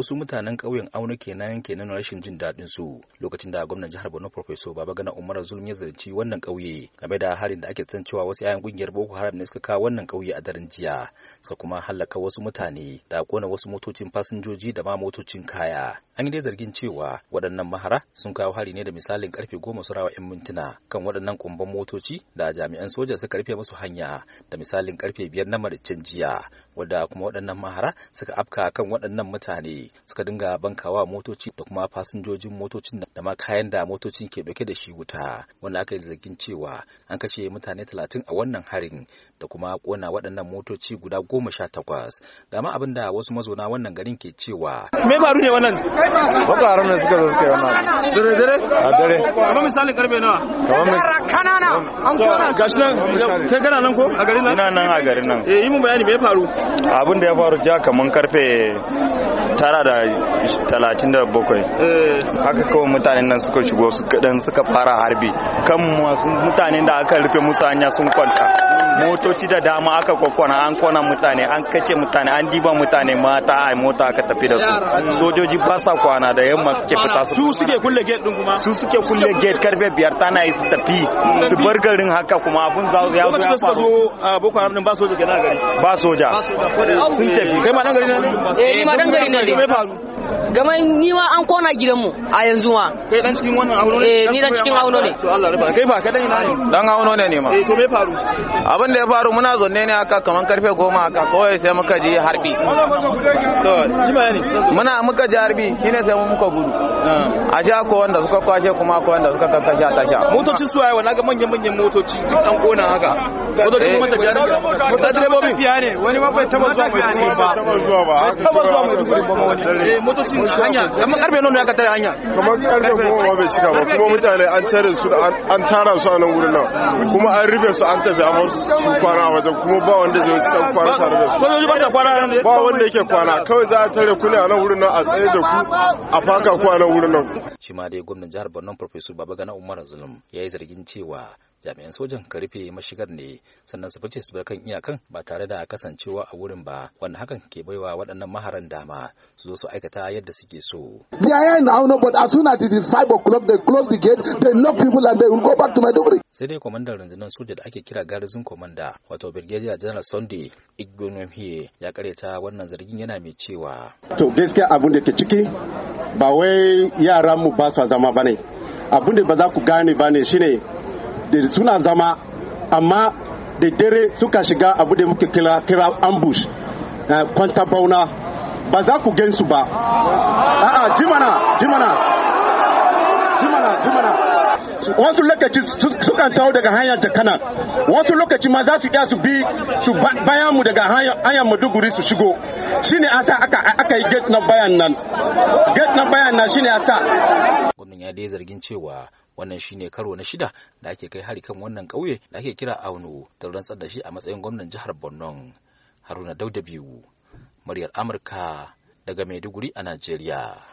wasu mutanen ƙauyen auna kenan kenan rashin jin daɗin su lokacin da gwamnan jihar Borno Baba Gana Umar Zulum ya zarci wannan kauye. game da harin da ake san cewa wasu 'ya'yan ƙungiyar Boko Haram ne suka kawo wannan ƙauye a daren jiya suka kuma halaka wasu mutane da kona wasu motocin fasinjoji da ma motocin kaya an yi dai zargin cewa waɗannan mahara sun kawo hari ne da misalin karfe goma su rawa 'yan mintuna kan waɗannan kumban motoci da jami'an soja suka rufe musu hanya da misalin karfe biyar na maricin jiya wadda kuma waɗannan mahara suka afka kan waɗannan mutane suka dinga bankawa motoci da kuma fasinjojin motocin da ma kayan da motocin ke dauke da shi wuta wanda aka yi zargin cewa an kashe mutane 30 a wannan harin da kuma kona waɗannan motoci guda goma sha takwas ga ma abin da wasu mazauna wannan garin ke cewa me faru ne wannan boko haram ne suka zo suka yi wannan dare dare a dare kamar misalin karfe nawa kamar kanana an kona gashi nan kai kana nan ko a garin nan ina nan a garin nan eh yi mun bayani me ya faru abin da ya faru ja kamar karfe tara da talatin da bakwai eh. haka kawai mutanen nan suka shigo su kaɗan suka fara harbi kan mutanen da aka rufe musu hanya sun kwanta motoci da dama aka kwakwana an kwana mutane an kashe mutane an diba mutane mata a mota aka tafi da su sojoji ba sa kwana da yamma suke fita su suke kulle gate din kuma su suke kulle gate karfe biyar tana yi su tafi su bar garin haka kuma abun za ya zo ya faru boko haram din ba soja kenan gari ba soja sun tafi kai ma dan gari ne eh ma dan gari ne faru gama ni ma an kona gidanmu a yanzu ma kai dan cikin wannan auno ne eh ni dan cikin auno ne to Allah rufa kai fa ka dan ne dan auno ne ne ma eh to me faru abin da ya faru muna zonne ne aka kaman karfe 10 aka kawai sai muka ji harbi to ji bayani muna muka ji harbi shine sai muka gudu a sha ko wanda suka kwashe kuma ko wanda suka kakkashe a tasha motocin su yawa ga manyan manyan motoci duk an kona haka eh. motocin matafiya ne motocin direbobi ne wani ma bai taba zuwa mai ba taba zuwa mai ba wani eh, kamar karfe nono ya ka tare hanya kamar karfe goma bai cika ba kuma mutane an tare su an tara su a nan wurin nan kuma an rufe su an tafi amma su kwana a wajen kuma ba wanda zai san kwana tare da su ba wanda yake kwana kawai za a tare ku ne a nan wurin nan a tsaye da ku a faka ku a nan wurin nan shi ma dai gwamnan jihar Borno Professor Babagana Umar Zulum ya yi zargin cewa jami'an sojan ka rufe mashigar ne sannan su fice su bar kan iyakan ba tare da kasancewa a wurin ba wanda hakan ke baiwa waɗannan maharan dama su zo su aikata yadda suke so. They are in but as soon as it is 5 o'clock they close the gate they knock people and they will go back to Maiduguri. Sai dai kwamandan rundunar soja da ake kira garizin kwamanda wato Brigadier General Sunday Igbonomhie ya karyata wannan zargin yana mai cewa. To gaskiya abun da ke ciki ba wai yaran mu ba sa zama ba ne, abun da ba za ku gane ba ne shine da suna zama amma da dare suka shiga abu da muke kira kira ambush eh, kwanta bauna ba za ku gansu ba a'a jimana jimana jimana jimana wasu lokaci kan taho daga hanyar jakana wasu lokaci ma za su iya su bi su bayan mu daga hanyar maduguri su shigo shine asa aka aka yi gate na bayan nan gate na bayan nan shine asa na dai zargin cewa wannan shine karo na shida da ake kai hari kan wannan ƙauye da ake kira aunu da rantsar da shi a matsayin gwamnan jihar borno haruna dauda biyu muryar amurka daga maiduguri a najeriya